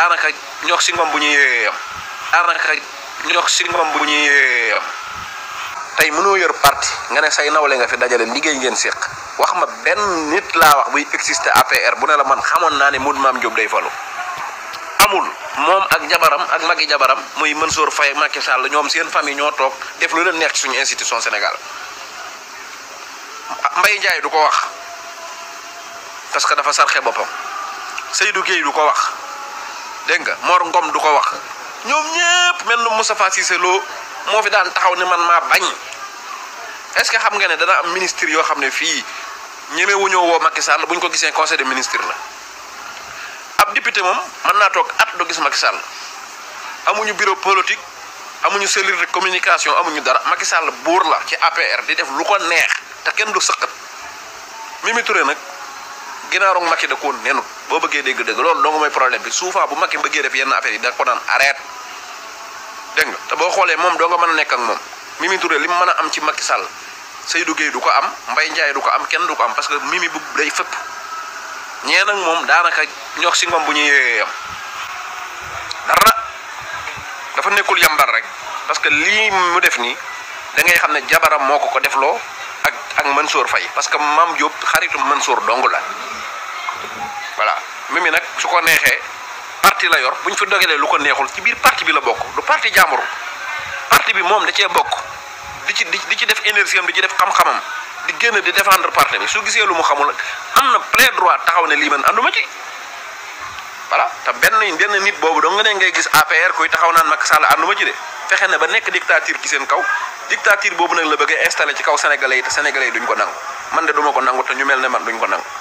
daanaka ñox si ngom bu ñuy yéeyam daanaka ñox si ngom bu ñuy tey mënoo yor parti nga ne say nawle nga fi dajale liggéey ngeen séq wax ma benn nit laa wax buy exister APR bu ne la man xamoon naa ne Modou maam Diop day falu amul moom ak jabaram ak magi jabaram muy Mansour Faye Macky Sall ñoom seen famille ñoo toog def lu leen neex ci suñu institution Sénégal Mbaye jaay du ko wax parce que dafa sarxe boppam Seydou Guèye du ko wax dégg nga Mor Ngom du ko wax ñoom ñëpp mel na Moustapha Cissé Lo moo fi daan taxaw ne man maa bañ est-ce que xam nga ne dana am ministre yoo xam ne fii ñemewuñoo woo Macky Sall bu ñu ko gisee conseil des ministres la ab député moom mën naa toog at do gis Macky Sall amuñu biro politique amuñu cellule de communication amuñu dara Macky Sall buur la ci APR di def lu ko neex te kenn du sëqat Mimi Touré nag ginnaaroog Macky da koo nenut boo bëggee dégg dëgg loolu dong mooy problème bi souvent bu Macky bëggee def yenn affaire yi da ko naan arrête dégg nga te boo xoolee moom doo nga mën a nekk ak moom Mimi Touré li mu mën a am ci Macky Sall Seydou Gueye du ko am mbay Ndiaye du ko am kenn du ko am parce que Mimi bu day fëpp ñee nag moom daanaka ñox si ngom bu ñuy yooyee yam dafa nekkul yambar rek parce que lii mu def nii da ngay xam ne jabaram moo ko ko defloo ak ak soor fay parce que Mame Diop xaritu Mansour dong la voilà Mimi nag su ko neexee parti la yor bu ñu fi dogalee lu ko neexul ci biir parti bi la bokk lu parti jàmbur parti bi moom da cee bokk di ci di ci def énergie am di ci def xam-xamam di génn di défendre parti bi su gisee lu mu xamul am na plein droit taxaw ne lii man ànduma ci. voilà te benn benn nit boobu dong nga ne ngay gis APR koy taxaw naan Macky Sall ànduma ci de fexe na ba nekk dictature ci seen kaw dictature boobu nag la bëgg a installé ci kaw sénégalais yi te sénégalais yi duñ ko nangu ko nangu ñu mel ne man duñ ko nangu.